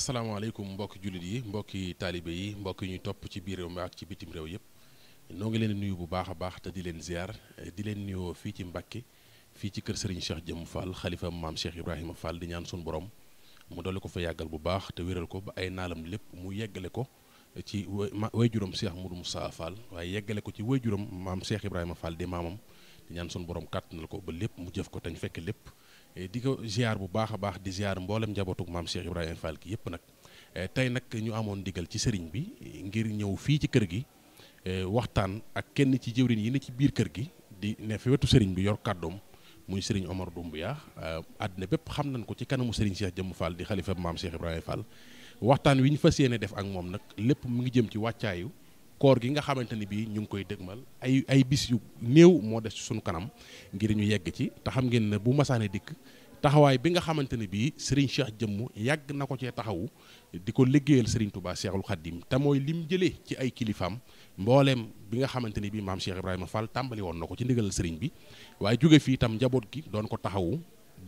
asalaamaaleykum mbokki jullit yi mbokki taalibe yi mbokki ñuy topp ci biir réew mi ci bitim réew yëpp noo ngi leen nuyu bu baax a baax te di leen ziar di leen nuyoo fii ci Mbàkke fii ci kër Serigne Cheikh Jëmm Fall xalifa maam Cheikh Ibrahima Fall di ñaan suñu borom mu dolli ko fa yàggal bu baax te wéral ko ba ay naalam lépp mu yeggale ko ci way juróom seex mu du Moussa Fall waaye yeggale ko ci juróom maam Cheikh Ibrahima Fall di maamam ñaan suñu borom kàttanal ko ba lépp mu jëf ko te fekk lépp Eh, di ko ziar bu baax a baax di ziar mboolem njabootug maam Cheikh Ibrahima Fall gi yëpp nag eh, tey nag ñu amoon digal ci sëriñ bi eh, ngir ñëw fii ci kër gi waxtaan ak kenn ci jëwriñ yi ne ci biir kër gi di ne fi wetu sëriñ bi yor kàddoom muy sëriñ Omar Doumbouya àddina bépp xam nañ ko ci kanamu sëriñ Cheikh Jëmm Fall di xalifa maam Cheikh Ibrahima Fall waxtaan wi ñu fas yéene def ak moom nag lépp mu ngi jëm ci wàccaayu koor gi nga xamante ni bii ñu ngi koy dëgmal ay ay bis yu néew moo def ci suñu kanam ngir ñu yegg ci te xam ngeen ne bu masaane dikk taxawaay bi nga xamante ne bii Serigne Cheikh jëmm yàgg na ko cee taxawu di ko liggéeyal Serigne Touba Cheikhul Khadim te mooy lim jëlee ci ay kilifaam mbooleem bi nga xamante ni bii maam Cheikh Ibrahima fal tàmbali woon na ko ci ndigal Serigne bi waaye jóge fii itam njaboot gi doon ko taxawu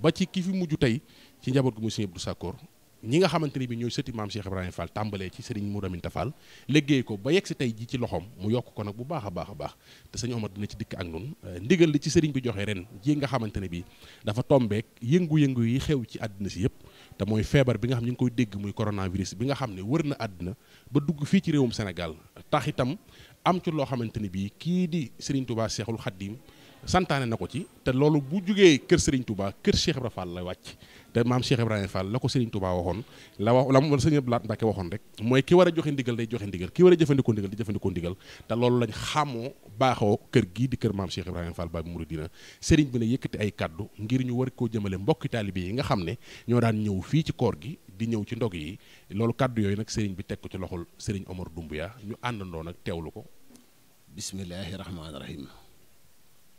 ba ci ki fi mujj tey ci njaboot gi muy Serigne Abdou Sakor ñi nga xamante ni bi ñooy sëti maam Cheikh Ibrahima Fall tàmbalee ci sëriñ Mourou Aminta Fall liggéey ko ba yegg si tey ji ci loxoom mu yokk ko nag bu baax a baax a baax te sëñ Omar dina ci dikk ak nun euh, ndigal li ci sëriñ bi joxe ren ji nga xamante ne bi dafa tombeek yëngu-yëngu yi xew ci àdduna si yëpp te mooy feebar bi nga xam ñu ngi koy dégg muy coronavirus bi nga xam ne wër na àddina ba dugg fii ci réewum senegal tax itam am ci loo xamante ni bii kii di Serigne Touba Cheikhul Khadim santaane na ko ci te loolu bu jógee kër Serigne Touba kër Cheikh Ibra Fall la wàcc te maam Cheikh Ibrahima Fall la ko Serigne Touba waxoon la wax la mu Serigne Abdou Lahad Mbacké waxoon rek mooy ki war a joxe ndigal day joxe ndigal ki war a jëfandikoo ndigal di te loolu lañ xamoo baaxoo kër gii di kër maam Cheikh Ibrahima Fall Baay Mouridina Serigne bi ne yëkkati ay kaddu ngir ñu war koo jëmale mbokki taalibe yi nga xam ne ñoo daan ñëw fii ci koor gi di ñëw ci ndog yi loolu kàddu yooyu nag seriñ bi teg ko ci loxol Serigne Omar Doumbouya ñu àndandoo nag teewlu ko bismillahi rahmaani rahim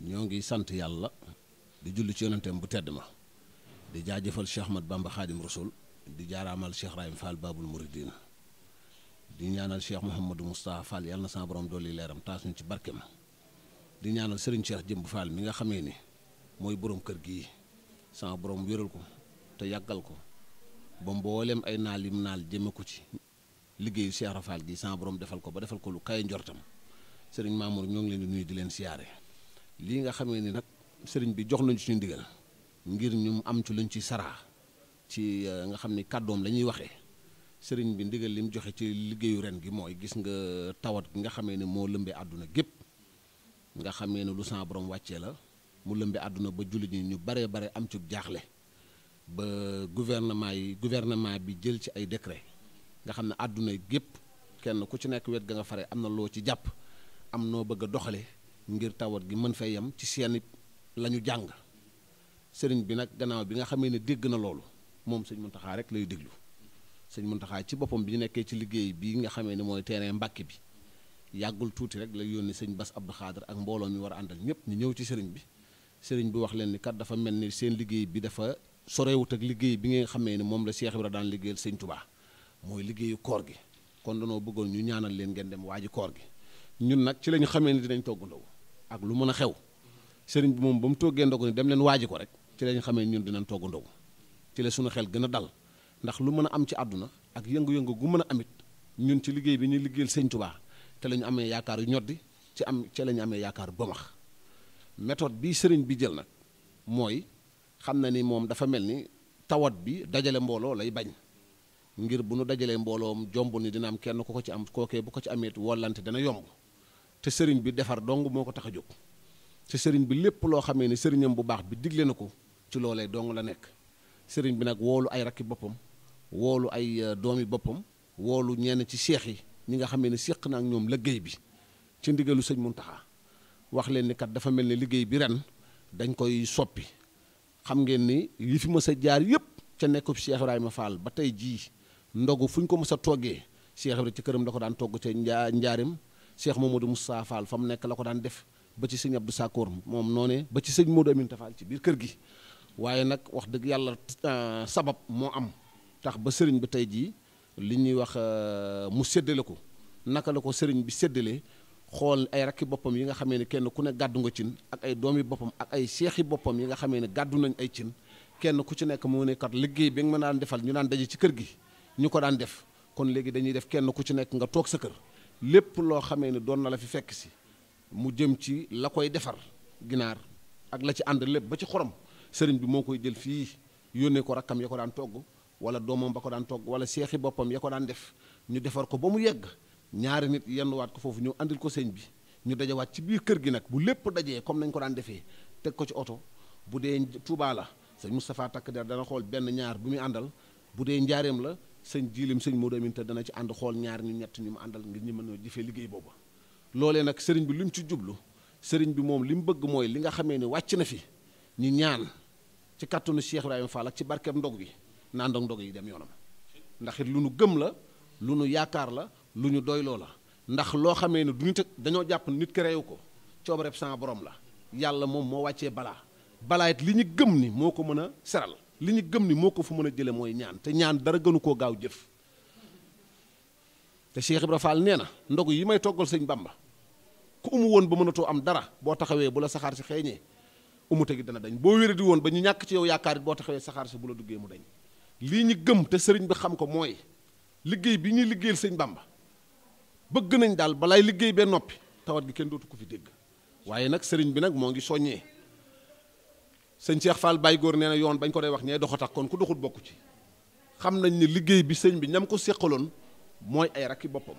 ñoo ngi sant yàlla di julli ci yonenteem bu tedd ma di jaajëfal Cheikh mat Bamba Xaadim Rasul di jaaraamal Cheikh Rahim Fall Babul Mouridine di ñaanal Cheikh Mouhamadou Moustapha Fall yàlla na sa borom dolli leeram taas ci ci ma di ñaanal Serigne Cheikh Jëmb Fall mi nga xamee ni mooy borom kër gi sama borom wéral ko te yàggal ko ba mbooleem ay naal yim naal jëme ko ci liggéeyu Cheikh Rafal gi sama borom defal ko ba defal ko lu kay njortam Serigne Mamour ñoo ngi leen di nuyu di leen siyaare. lii nga xamee ni nag sëriñ bi jox nañu ci ndigal ngir ñu am ci luñ ci saraa ci euh, nga xam ni kàddoom la ñuy waxee sëriñ bi ndigal li joxe ci liggéeyu ren gi mooy gis nga tawat gi nga xamee ne moo lëmbee àdduna gépp nga xamee ne lu sa borom wàccee la mu lëmbee àdduna ba jullit ñi ñu baree bare am ci jaaxle ba gouvernement yi gouvernement bi jël ci ay décret nga xam ne àdduna gépp kenn ku ci nekk wet ga nga fare am na loo ci jàpp am noo bëgg a doxale ngir tawat gi mën fay yem ci seen la ñu jàng sëriñ bi nag gannaaw bi nga xamee ne dégg na loolu moom sëñ Muntaxa rek lay déglu sëñ Muntaxa ci boppam bi ñu nekkee ci liggéey bii nga xamee ne mooy terrain Mbàkke bi yàggul tuuti rek la yónni sëñ Bass Abdou ak mbooloo mi war a àndal ñëpp ñu ñëw ci sëriñ bi sëriñ bi wax leen ni kat dafa mel ni seen liggéey bi dafa sorewut ak liggéey bi nga xamee ne moom la Cheikh Ibra daan liggéeyal sëñ Tubaa mooy liggéeyu koor gi kon danoo bëggoon ñu ñaanal leen ngeen dem waaji koor gi ñun nag ci la xamee ni dinañ togg ndaw ak lu mën a xew sëriñ bi moom ba mu toggee ndogu ni dem leen waaji ko rek ci lañ xamee ñun dinañ togg ndogu ci la suñu xel gën a dal ndax lu mën a am ci àdduna ak yëngu-yëngu gu mën a amit ñun ci liggéey bi ñuy liggéeyal sëñ Tuubaa te lañu amee yaakaar yu ñoddi ci am ci la amee yaakaar ba max bii sëriñ bi jël nag mooy xam na ni moom dafa mel ni tawat bi dajale mbooloo lay bañ ngir bu nu dajalee mbooloo jomb ni dina am kenn ku ko ci am kookee bu ko ci ameet dana yomb te sëriñ bi defar dong moo ko tax a jóg te sëriñ bi lépp loo xamee ne sëriñam bu baax bi digle na ko ci loolee dong la nekk sëriñ bi nag woolu ay rakki boppam woolu ay euh, doomi boppam woolu ñenn ci seex yi ñi nga xamee ne séq na ak ñoom liggéey bi ci ndigalu sëñ Muntaxa wax leen ni kat dafa mel ne liggéey bi ren dañ koy soppi xam ngeen ni li fi mës a jaar yëpp ca nekkub Cheikh ma Fall ba tey jii ndogu fu ñu ko mës a toggee Cheikh Ibrahima ci këram la ko daan togg ca njaa njaarim Cheikh Mamadou mu Fall fa mu nekk la ko daan def ba ci sëñ Abdou Sakkoor moom noonee ba ci sëñ Modou Aminta Fall ci biir kër gi waaye nag wax dëgg yàlla euh, sabab moo am tax ba sëriñ bi tey jii li ñuy wax euh, mu séddale ko naka la ko sëriñ bi séddale xool ay rakki boppam yi nga xamee ne kenn ku ne gàddu nga cin ak ay doomi boppam ak ay seexi boppam yi nga xamee ne gàddu nañ ay cin kenn ku ci nekk moo ne kat liggéey bi nga ma daan defal ñu daan daje ci kër gi ñu ko daan def kon léegi dañuy def kenn ku ci nekk nga toog sa kër lépp loo xamee ni doon na la fi fekk si mu jëm ci la koy defar ginaar ak la ci ànd lépp ba ci xorom sëriñ bi moo koy jël fii yónnee ko rakkam ya ko daan togg wala doomam ba ko daan togg wala seexi boppam ya ko daan def ñu defar ko ba mu yegg ñaari nit yenn waat ko foofu ñëw àndil ko sëñ bi ñu dajawaat ci biir kër gi nag bu lépp dajee comme nañ ko daan defee teg ko ci oto bu dee Touba la sëñ Moustapha takk der dana xool benn ñaar bu muy àndal bu dee njaareem la sëñ jiilim sëñ Modou Amin te dana ci ànd xool ñaar ñu ñett ñu mu àndal ngir ñu mën a jëfee liggéey boobu loolee nag sëriñ bi lu ñu ci jublu sëriñ bi moom li mu bëgg mooy li nga xamee ne wàcc na fi ñu ñaan ci kàttanu Cheikh Ibrahima Fall ak ci barkeem ndog bi naan ndog yi dem yoonam ndax it lu nu gëm la lu nu yaakaar la lu ñu doyloo la ndax loo xamee ne du ñu teg dañoo jàpp nit ki réew ko coobareb sama borom la yàlla moom moo wàccee balaa balaa it li gëm ni moo ko mën a seral li ñu gëm ni moo ko fu mën a jële mooy ñaan te ñaan dara gënu koo gaaw jëf te Cheikh Ibra Fall nee na ndox yi may toggal sëñ Bamba ku umu woon ba mënatoo am dara boo taxawee bu la saxaar si xeeñee umute gi dana dañ boo wéradi woon ba ñu ñàkk ci yow yaakaar it boo taxawee saxaar si bu la duggee mu dañ lii ñu gëm te sëriñ bi xam ko mooy liggéey bi ñuy liggéeyal sëñ Bamba bëgg nañ daal balaay liggéey bee noppi tawat gi kenn dootu ko fi dégg waaye nag sëriñ bi nag moo ngi soññee sëñ Cheikh Fall Baye Góor nee na yoon bañ ko dee wax ñee doxa tax kon ku doxut bokku ci xam nañ ne liggéey bi sëñ bi ñam ko séqaloon mooy ay rakki boppam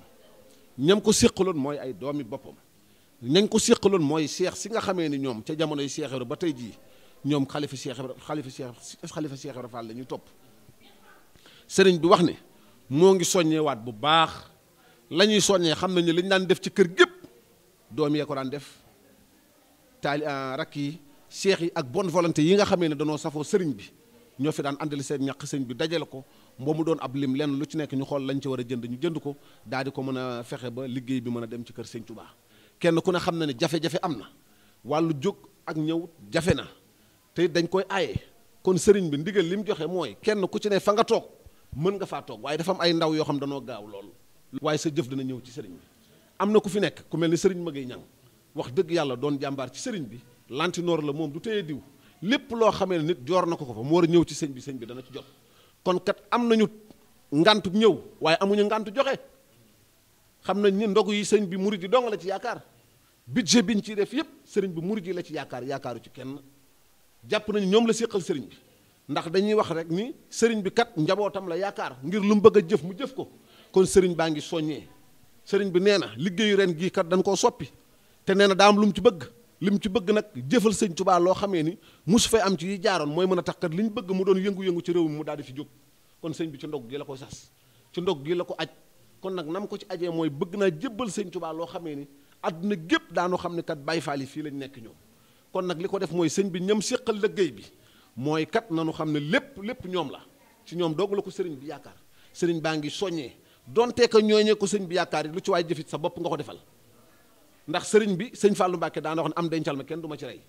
ñam ko séqaloon mooy ay doomi boppam ñañ ko séqaloon mooy seex si nga xamee ni ñoom ca jamonoy Cheikh ba tey jii ñoom xalifa Cheikh Ibra xalifa Cheikh xalifa Cheikh Ibra la ñuy topp sëriñ bi wax ni moo ngi soññeewaat bu baax lañuy soññee xam nañ ne li daan def ci kër gépp doom yee ko daan def taali ah, rakk yi cheikh yi ak bonne volante yi nga xamee ne danoo safoo sëriñ bi ñoo fi daan àndali seen ñàq sëñ bi dajale ko moo mu doon ab lim lenn lu ci nekk ñu xool lañ ci war a jënd ñu jënd ko daal di ko mën a fexe ba liggéey bi mën a dem ci kër sëñ Tuubaa kenn ku ne xam na ne jafe-jafe am na wàllu jóg ak ñëw jafe na te dañ koy aaye kon sëriñ bi ndigal li mu joxe mooy kenn ku ci ne fa nga toog mën nga faa toog waaye dafa ay ndaw yoo xam danoo gaaw lool waaye sa jëf dana ñëw ci sëriñ bi am na ku fi nekk ku mel ni sëriñ ma ngay ñang wax dëgg yàlla doon jàmbaar ci sëriñ bi lantinoor la moom du téye diw lépp loo xamee ne nit joor na ko ko fa mu war a ñëw ci sëñ bi sëñ bi dana ci jot kon kat am nañu ngantu ñëw waaye amuñu ngantu joxe xam nañ ni ndogu yi sëñ bi murid yi dong ci yaakaar budget biñ ciy def yépp sëriñ bi murid yi la ci yaakaar yaakaaru ci kenn jàpp nañu ñoom la séqal sëriñ bi ndax dañuy wax rek ni sëriñ bi kat njabootam la yaakaar ngir lu mu bëgg a jëf mu jëf ko kon sëriñ baa ngi soññee sëriñ bi nee na liggéeyu ren gii kat dañ koo soppi te nee na daa lu mu ci bëgg lim ci bëgg nag jëfal sëñ Tuubaa loo xamee ni mosu fay am ci yi jaaroon mooy mën a tax kat li ñu bëgg mu doon yëngu-yëngu ci réew mi mu daal di fi jóg kon sëñ bi ci ndog gi la ko sas ci ndog gi la ko aj kon nag nam ko ci ajee mooy bëgg naa jébbal sëñ Tuubaa loo xamee ni àdduna gépp daanoo xam ne kat Baay Faal yi fii lañ nekk ñëw kon nag li ko def mooy sëñ bi ñam séqal liggéey bi mooy kat nanu xam ne lépp lépp ñoom la ci ñoom doog la ko sëriñ bi yaakaar sëriñ baa ngi soññee donte que ñooñee ko sëñ bi yaakaar yi lu ci waay sa bopp nga ko defal ndax sëriñ bi sëñ Fallou Mbacke daana wax ne am dencal ma kenn du ma ci rey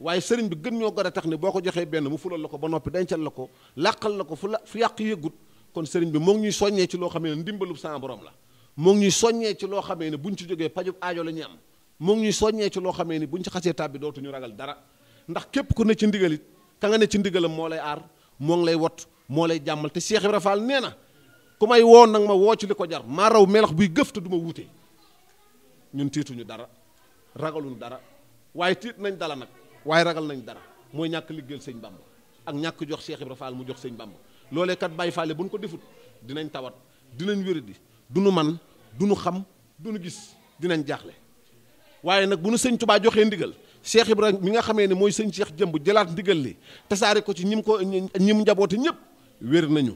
waaye sëriñ bi gën ñoo gore tax ne boo ko joxee benn mu fulal la ko ba noppi dencal la ko làqal la ko fu la fu yàq yëggut kon sëriñ bi moo ngi soññee ci loo xamee ne ndimbalub sama borom la moo ngi ñuy ci loo xamee ne buñ ci jógee pajub aajo la ñuy am moo ngi ñuy soññee ci loo xamee bu buñ ci xasee tàbbi dootuñu ragal dara ndax képp ku ne ci ndigalit ka nga ne ci ndigalam moo lay aar moo ngi lay wot moo lay jàmmal te Cheikh nee na ku may woo nag ma woo ci li ko jar maa raw melax buy du ma wuute ñun tiituñu dara ragaluñ dara waaye tiit nañ dala nag waaye ragal nañ dara mooy ñàkk liggéeyal sëñ Bamba ak ñàkk jox Cheikh Ibra Fall mu jox sëñ Bamba loolee kat Baye Fall bu ñu ko defut dinañ tawat dinañ wéradi du nu man du nu xam du nu gis dinañ jaaxle waaye nag bu nu sëñ Tubaa joxee ndigal Cheikh rek mi nga xamee ne mooy sëñ Cheikh jëmb jëlaat ndigal li tasaare ko ci ñim ko ñim njaboote ñëpp wér nañu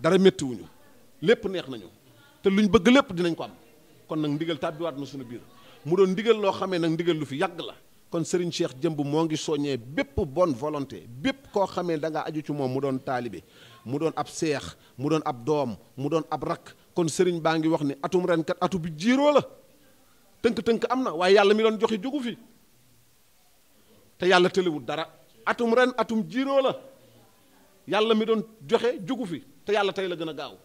dara méttiwuñu lépp neex nañu te luñ bëgg lépp dinañ ko am kon nag ndigal tàbbiwaat ma sunu biir mu doon ndigal loo xamee nag ndigal lu fi yàgg la kon sëriñ Serigne jëm jëmb moo ngi soññee bépp bon volonté bépp koo xamee da ngaa aju ci moom mu doon taalibe mu doon ab seex mu doon ab doom mu doon ab rakk kon sëriñ baa ngi wax ni atum ren atu bi la tënk-tënk am na waaye yàlla mi doon joxe jógu fi te yàlla tëlewul dara atum ren atum jiiroo la yàlla mi doon joxe jógu fi te yàlla tey la gën a gaaw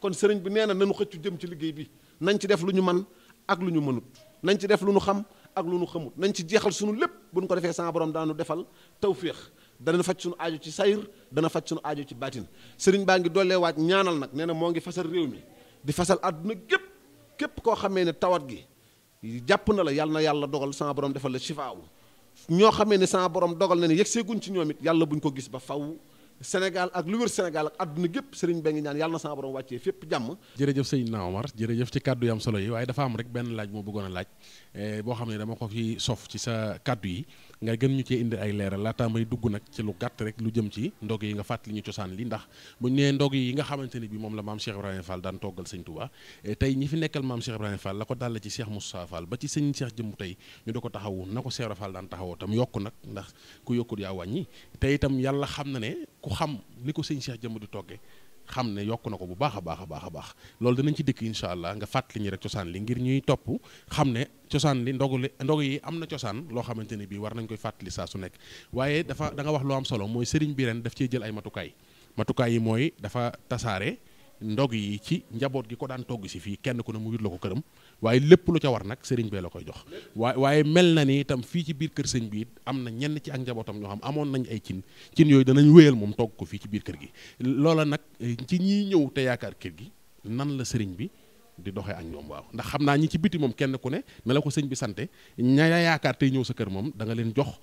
kon sëriñ bi nee na nanu xëccu jëm ci liggéey bi nañ ci def lu ñu man ak lu ñu mënut nañ ci def lu ñu xam ak lu ñu xamut nañ ci jeexal sunu lépp bu ñu ko defee sama borom daanu defal tawféex dana faj sunu aajo ci sayr dana faj sunu ajo ci baatin sëriñ baa ngi dollee waaj ñaanal nag nee na moo ngi fasal réew mi di fasal àdduna gépp képp koo xamee ne tawat gi jàpp na la yàlla na yàlla dogal sama borom defal la shifaawu ñoo xamee ne sama borom dogal na ne yegg seeguñ ci ñoom it yàlla buñ ko gis ba faw Sénégal ak lu wër Sénégal ak àdduna gépp sëriñ ba ngi ñaan yàlla na sama borom wàccee fépp jàmm jërëjëf sëñ na Omar jërëjëf ci kàddu yi solo yi waaye dafa am rek benn laaj moo bëggoon a laaj eh, boo xam ne dama ko fi sof ci sa kàddu yi nga gën ñu cee indi ay leeral laataa may dugg nag ci lu gàtt rek lu jëm ci ndog yi nga fàttali ñu cosaan li ndax buñ nee ndog yi nga xamante ni bi moom la maam Cheikh Ibrahima Fall daan toggal sëñ Touba eh, tey ñi fi nekkal maam Cheikh Ibrahima la ko dalla ci Cheikh Moussa Fall ba ci sëñ Cheikh jëmbu tey ñu da ko taxawu na ko Cheikh Fall daan taxawoo tam yokk nag ndax ku yokkul yaa wàññi tey itam yàlla xam na ne ku xam li ko sëñ Cheikh jëmb du togge xam ne yokk na ko bu baax a baax a baax a baax loolu dinañ ci dikk incha allah nga fàttali ñu rek cosaan li ngir ñuy topp xam ne cosaan li ndogu li ndogu yi am na cosaan loo xamante ne bii war nañ koy fàttali saa su nekk waaye dafa danga wax lu am solo mooy sëriñ bi ren daf cee jël ay matukaay matukaay yi mooy dafa tasaare ndog yi ci njaboot gi ko daan togg si fii kenn ku ne mu yut la ko këram waaye lépp lu ca war nag sëriñ bee la koy jox waaye mel na ni itam fii ci biir kër sëñ bi it am na ñenn ci ak njabootam ñoo xam amoon nañ ay cin cin yooyu danañ wéyal moom togg ko fii ci biir kër gi loola nag eh, ci ñiy ñëw te yaakaar kër gi nan la sëriñ bi di doxee ak ñoom ndax xam naa ñi ci biti moom kenn ku ne na la ko sëñ bi sante ña yaakaar tey ñëw sa kër moom danga leen jox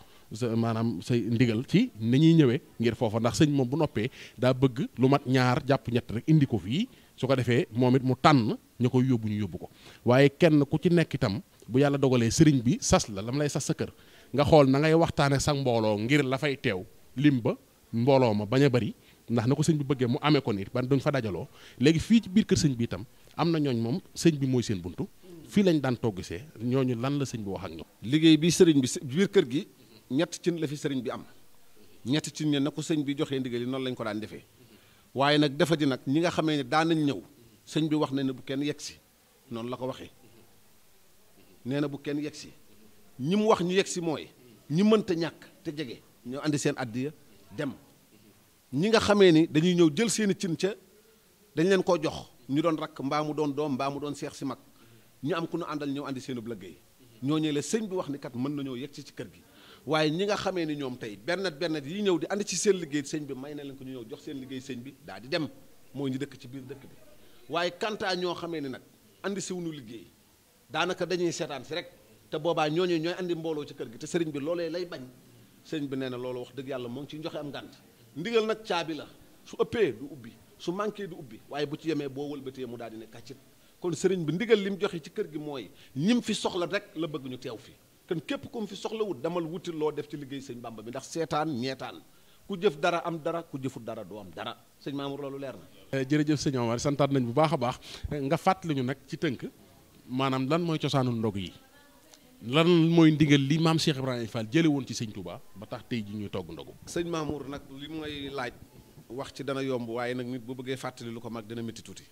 maanaam say ndigal ci ni ñuy ñëwee ngir foofa ndax sëñ moom bu noppee daa bëgg lu mat ñaar jàpp ñett rek indi ko fii su ko defee moom it mu tànn ña koy yóbbu ñu yóbbu ko waaye kenn ku ci nekk itam bu yàlla dogalee sëriñ bi sas la lam lay sas sa kër nga xool na ngay waxtaane sa mbooloo ngir la fay teew lim ba mbooloo ma bañ a bari ndax na ko sëñ bi bëggee mu amee ko nii ban duñ fa dajaloo léegi fii ci biir kër sëñ bi itam am na ñooñ moom sëñ bi mooy seen buntu fii lañ daan toggisee ñooñu lan la sëñ bi wax ak ñoom. liggéey bi sëriñ bi biir kër gi ñett cin la fi sëriñ bi am ñett cin ne na ko sëñ bi joxee ndigal noonu lañ ko daan defee waaye nag dafa di nag ñi nga xamee ne daan nañ ñëw sëñ bi wax na ne bu kenn yegg si noonu la ko waxee nee na bu kenn yegg si ñi mu wax ñu yegg si mooy ñi mënta ñàkk te jege ñoo andi seen addiya dem ñi nga xamee ni dañuy ñëw jël seeni cin ca dañ leen koo jox ñu doon rakk mbaa mu doon doom mbaa mu doon seex si mag ñu am ku nu àndal ñëw andi seenu liggéey ñoo ñëwee sëñ bi wax ni kat mën nañoo yegg si ci kër gi waaye ñi nga xamee ni ñoom tey benn benn yi ñëw di ànd ci seen liggéey sëñ bi may na leen ko ñu ñëw jox seen liggéey sëñ bi daal di dem mooy ñu dëkk ci biir dëkk bi waaye kantaa ñoo xamee ne nag indi si wuñu liggéey daanaka dañuy seetaan si rek te boobaa ñooñu ñooy indi mbooloo ci kër gi te sëriñ bi loolee lay bañ sëriñ bi nee na loolu wax dëgg yàlla moo ngi ciy joxe am ngànt ndigal nag caabi la su ëppee du ubbi su manqué du ubbi waaye bu ci yemee boo wëlbatee mu daal di ne kàccit kon sëriñ bi ndigal li mu joxe ci kër gi mooy ñim fi soxla rek la bëgg ñu teew fi kon képp ko mu fi soxla wut damal wuti loo def ci liggéey sëñ Bàmba bi ndax seetaan ñeetaan ku jëf dara am dara ku jëfut dara doo dara sëñ Mamour loolu leer na Eh, jërëjëf sëñ Omar santaat nañ bu baax a baax eh, nga fàttali ñu nag ci tënk maanaam lan mooy cosaanu ndog yi lan mooy ndigal li maam Cheikh Ibrahima Fall jële woon ci sëñ Touba ba tax tey ji ñuy togg ndogu sëñ Mamour nag li mooy laaj wax ci dana yomb waaye nag nit bu bëggee fàttali lu ko mag dina métti tuuti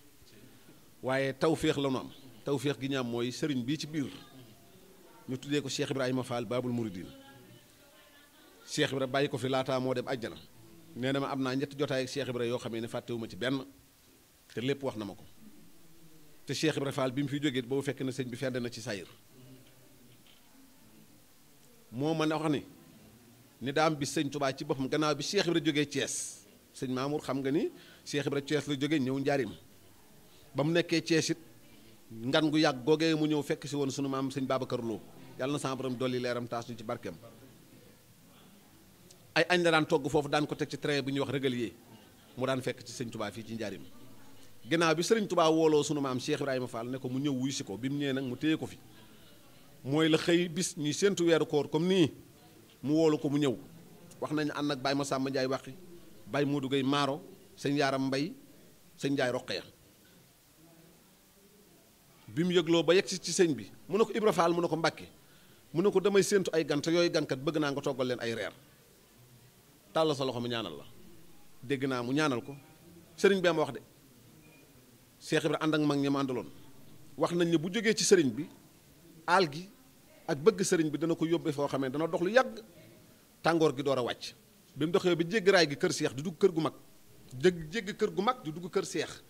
waaye taw féex la nu am taw féex gi ñaam mooy sëriñ bii ci biir ñu tuddee ko Cheikh Ibrahima Fall Babul Mouridine Cheikh Ibrahima bàyyi ko fi laataa moo dem àjjana nee na ma am naa ñetti jotaay ak Cheikh Ibra yoo xamee ne fàttewuma ci benn te lépp wax na ma ko te Cheikh Ibra Fall bi mu fi jógee boobu fekk na sëñ bi fedd na ci sayir moo mën a wax ni ni daam bi sëñ Tubaa ci boppam gannaaw bi Cheikh Ibra jógee Thiès sëñ Mamour xam nga ni Cheikh Ibra Thiès la jóge ñëw njaarim ba mu nekkee Thiès it ngan gu yàgg googee mu ñëw fekk si woon sunu maam sëñ Babacar Lo yàlla na sa borom dolli leeram taas ñu ci barkeem ay añ la daan togg foofu daan ko teg ci train bu ñuy wax régalier mu daan fekk ci sëñ tubaa fii ci njaarim ginnaaw bi sëriñ tubaa wooloo sunu maam Cheikh Ibrahima Fall ne ko mu ñëw wuy si ko bi mu ñëwee nag mu téye ko fi mooy la xëy bis ñuy séentu weeru koor comme nii mu woolu ko mu ñëw wax nañu ànd ak sàmm Massamba Ndiaye baay moo dugg Gueye Maaro sëñ Yaaram Mbay sëñ Ndiaye Roqeya bi mu yëgloo ba yegg si ci sëñ bi mu ne ko Ibra Fall mu ne ko Mbàkke mu ne ko damay séentu ay gan yooyu gankat bëgg naa nga toggal leen ay reer tàll sa loxo mu ñaanal la dégg naa mu ñaanal ko sëriñ bee ma wax de Cheikh Ibra ànd ak mag ñi ma àndaloon wax nañ ne bu jógee ci sëriñ bi aal gi ak bëgg sëriñ bi dana ko yóbbee foo xamee dana dox lu yàgg tàngoor gi door a wàcc bi mu doxee ba jégg raay gi kër seex di dugg kër gu mag jégg jégg kër gu mag di dugg kër seex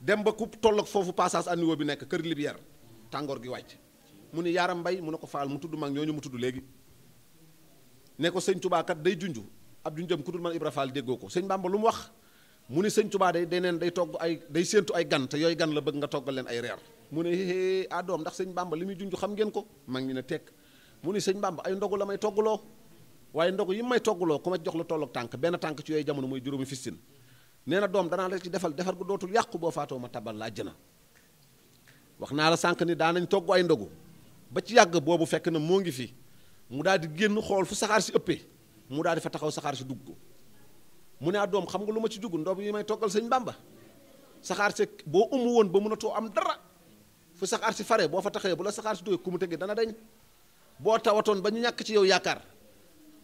dem ba ku toll foofu passage à bi nekk kër Libière tàngoor gi wàcc mu ni yaaram mbay mu ne ko faal mu tudd mag ñooñu mu léegi ne ko sëñ Tubaa kat day junj ab junjam ku dul man Ibra Fall déggoo ko sëñ Bàmba lu mu wax mu ne sëñ Tubaa day day neen day togg ay day séentu ay gan yooyu gan la bëgg nga toggal leen ay reer mu ne hé ah doom ndax li muy junj xam ngeen ko mag ñi ne tekk mu ne sëñ Bàmba ay ndogu la may toggaloo waaye ndogu yi may toggaloo ku ma jox la tolloog tànk benn tànk ci yooyu jamono mooy juróomi fistin nee na doom danaa la ci defal defar gu dootul yàqu boo faatoo ma tabal la àjjana wax naa la sànq ni daanañ togg ay ndogu ba ci yàgg boobu fekk na moo ngi fi mu daal di génn xool fu saxaar si ëppee mu daal di fa taxaw saxaar si dugg ko mu ne ah doom xam nga lu ma ci dugg ndox yi may toggal sëñ Bamba saxaar si boo umu woon ba mënatoo am dara fu saxaar fare boo fa taxawee bu la saxaar si duggee ku mu tëggee dana deñ boo tawatoon ba ñu ñàkk ci yow yaakaar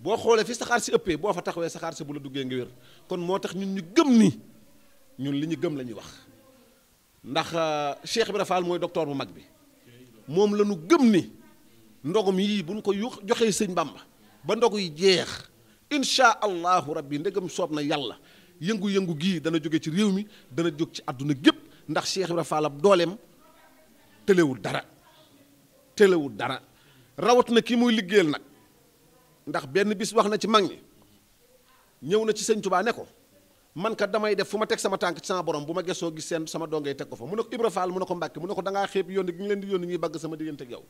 boo xoolee fi saxaar si ëppee boo fa taxawee saxaar si bu la duggee ngi wér kon moo tax ñun ñu gëm ni ñun li ñu gëm lañuy wax ndax euh, Cheikh bi Fall mooy docteur bu mag bi moom lanu gëm ni. ndogum yii bu ñu ko yu joxee sëñ Bàmba ba ndogu yi jeex incha allahu yi ndegam soob na yàlla yëngu-yëngu gii dana jóge ci réew mi dana jóg ci àdduna gépp ndax seex Ibra Fall dooleem tëlewul dara tëlewul dara rawat na ki muy liggéeyal nag ndax benn bis wax na ci mag ñi ñëw na ci sëñ Tubaa ne ko man kat damay def fu ma teg sama tànk ci sama borom bu ma gesoo gis seen sama dongay teg ko fa mu ne ko Ibra Fall mu ne ko Mbàkke mu ne ko dangaa xeeb ñuy bagg sama diggante yow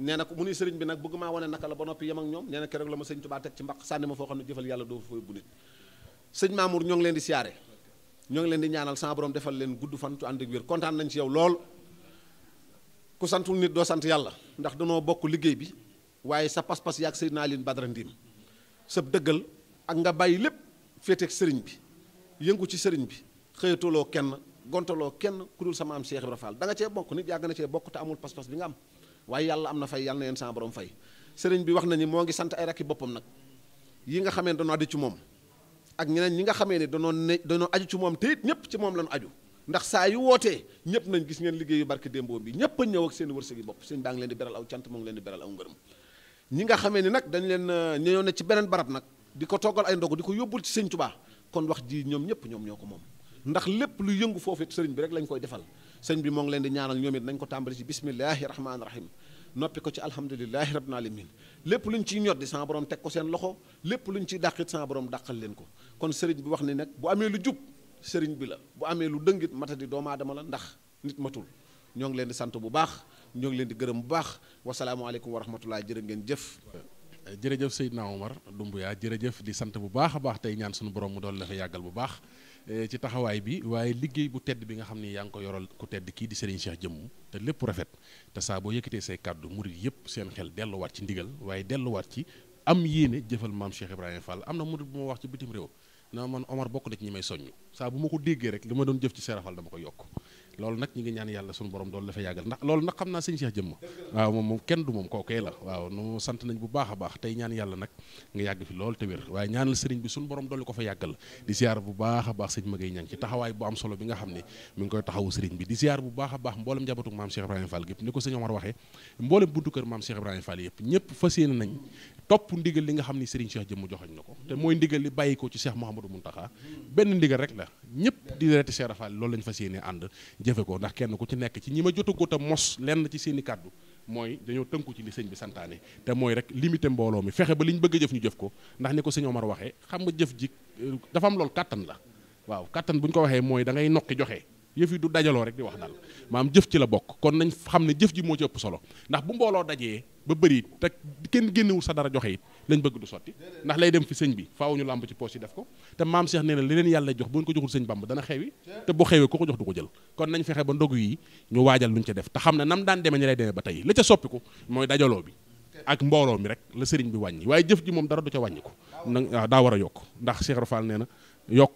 nee na ko mu ni sëriñ bi nag bëgg maa wone naka la ba noppi yem ak ñoom nee na keroog la ma sëñ Tuubaa teg ci mbaq sànni ma foo xam ne jëfal yàlla doo fooy bu nit sëñ Mamour ñoo ngi leen di siyaare ñoo ngi leen di ñaanal sama borom defal leen gudd fan tu ànd ak wér kontaan nañ ci yow lool ku santul nit doo sant yàlla ndax danoo bokk liggéey bi waaye sa pas-pas yaag naa leen Badara Ndine sa dëggal ak nga bàyyi lépp féeteeg sëriñ bi yëngu ci sëriñ bi xëyatuloo kenn gontaloo kenn ku dul sama am Cheikh Ibra Fall da cee bokk nit na cee bokk amul pas bi nga am waaye yàlla am na fay yàlla na yéen sama borom fay sëriñ bi wax nañu moo ngi sant ay rakki boppam nag yi nga xamee danoo aju ci moom ak ñeneen ñi nga xamee ni danoo ne danoo aju ci moom te ñëpp ci moom lañu aju ndax saa yu wootee ñëpp nañ gis ngeen liggéeyu barke démboo bi ñëpp a ñëw ak seen wërsëg yi bopp sëñ baa ngi leen di beral aw cant leen di beral aw ñi nga xamee ni nag dañ leen ñëw ne ci beneen barab nag di ko toggal ay ndog di ko yóbbul ci sëñ Tuubaa kon wax ji ñoom ñëpp ñoom ñoo ko moom ndax lépp lu yëngu foofu sëriñ bi rek lañ koy defal sëriñ bi moo ngi leen di ñaanal ñoom it nañ ko tàmbali ci bismillahi rahmaani rahim noppi ko ci naa rabbil alamin lépp luñ ciy ñoddi sama borom teg ko seen loxo lépp luñ ciy dàqit sama borom dàqal leen ko kon sëriñ bi wax ni nag bu amee lu jub sëriñ bi la bu amee lu dëngit di doomu aadama la ndax nit matul ñoo ngi leen di sant bu baax ñoo ngi leen di gërëm bu baax wasalaamaaleykum wa rahmatullah jërë ngeen jëf jërëjëf Seydina Omar Doumbouya jërëjëf di sant bu baax a baax tey ñaan suñu borom mu doon la fa yàggal bu baax Eh, ci taxawaay bi waaye liggéey bu tedd bi nga xam ni yaa ngi ko yoral ku tedd kii di Serigne Cheikh jëmm te lépp rafet te saa boo yëkkatee say kàddu murid yëpp seen xel delluwaat ci ndigal waaye delluwaat ci am yéene jëfal maam Cheikh Ibrahima Fall am na murid bu ma wax ci bitim réew na man Omar bokk na ci ñi may soññ saa bu ma ko déggee rek li ma doon jëf ci Serafal dama ko yokk loolu nag ñu ngi ñaan yàlla suñu borom doolu dafa yàggal ndax loolu nag xam naa sëñ Cheikh jëmm waaw moom moom kenn du moom kookee la waaw a yàgg fi loolu te wér waaye ñaanal sëriñ bi suñu borom doolu ko fa a baax sëñ Magay Ñang ci bi nga xam ne mi ngi koy taxawu sëriñ bi a baax mboolem njabootu maam Cheikh Ibrahima Fall gépp ni ko ndigal li nga xam ni sëriñ Cheikh jëmm joxoñ na ko te mooy ndigal li ko ci Cheikh Mouhamadou Mountakha benn ndigal rek la ñëpp di reti Cheikh Fall loolu lañ fas yéene ànd jëfe ko ndax kenn ku ci nekk ci ñi ma jotagut a mos lenn ci seeni kàddu mooy dañoo tënku ci li sëñ bi santaane te mooy rek limité mbooloo mi fexe ba li ñu bëgg a jëf ñu jëf ko ndax ni ko sëñ Omar waxee xam nga jëf ji dafa am loolu kàttan la waaw kàttan bu ñu ko waxee mooy da ngay nokki joxe yëf yi du dajaloo rek di wax daal maam jëf ci la bokk kon nañ xam ne jëf ji moo ci solo ndax bu mbooloo dajee ba bëri te kenn génnewul sa dara joxe lañ bëgg du sotti ndax lay dem fi sëñ bi faaw ñu làmb ci poos yi def ko te maam Cheikh nee na li yàlla jox bu ñu ko joxul sëñ Bamba dana xewi te bu xewee ku ko jox du ko jël kon nañ fexe ba ndogu yi ñu waajal luñ ca def te xam ne nam daan demee ñu lay demee ba tey la ca soppiku mooy dajaloo bi ak mbooloo mi rek la sëriñ bi wàññi waaye jëf ji moom dara du ca wàññi ko na daa war a yokk ndax Cheikh Rafal nee na yokk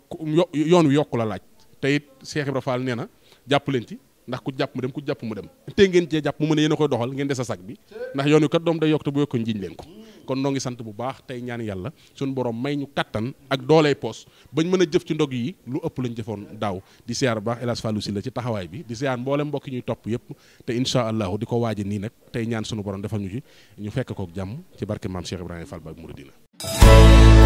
yoon wi yokku la laaj te it Cheikh Ibra nee na jàpp leen ci ndax ku jàpp mu dem ku jàpp mu dem tey ngeen jee jàpp mu mën a yéen koy doxal ngeen de sa sag bi ndax yoon wi kat doom day yokk te bu yokkoon jiñ leen ko kon noo ngi sant bu baax tey ñaan yàlla suñu borom may ñu kattan ak dooley poos bañ mën a jëf ci ndog yi lu ëpp lañu jëfoon daaw di siyaar baax El Hadj si Sylla ci taxawaay bi di siyaar mboolee mbokk ñuy topp yëpp te incha allahu di ko waaje nii nag tey ñaan suñu borom defal ñu ñu fekk kook jàmm ci barke maam Cheikh Ibrahima Fall ba Mouridina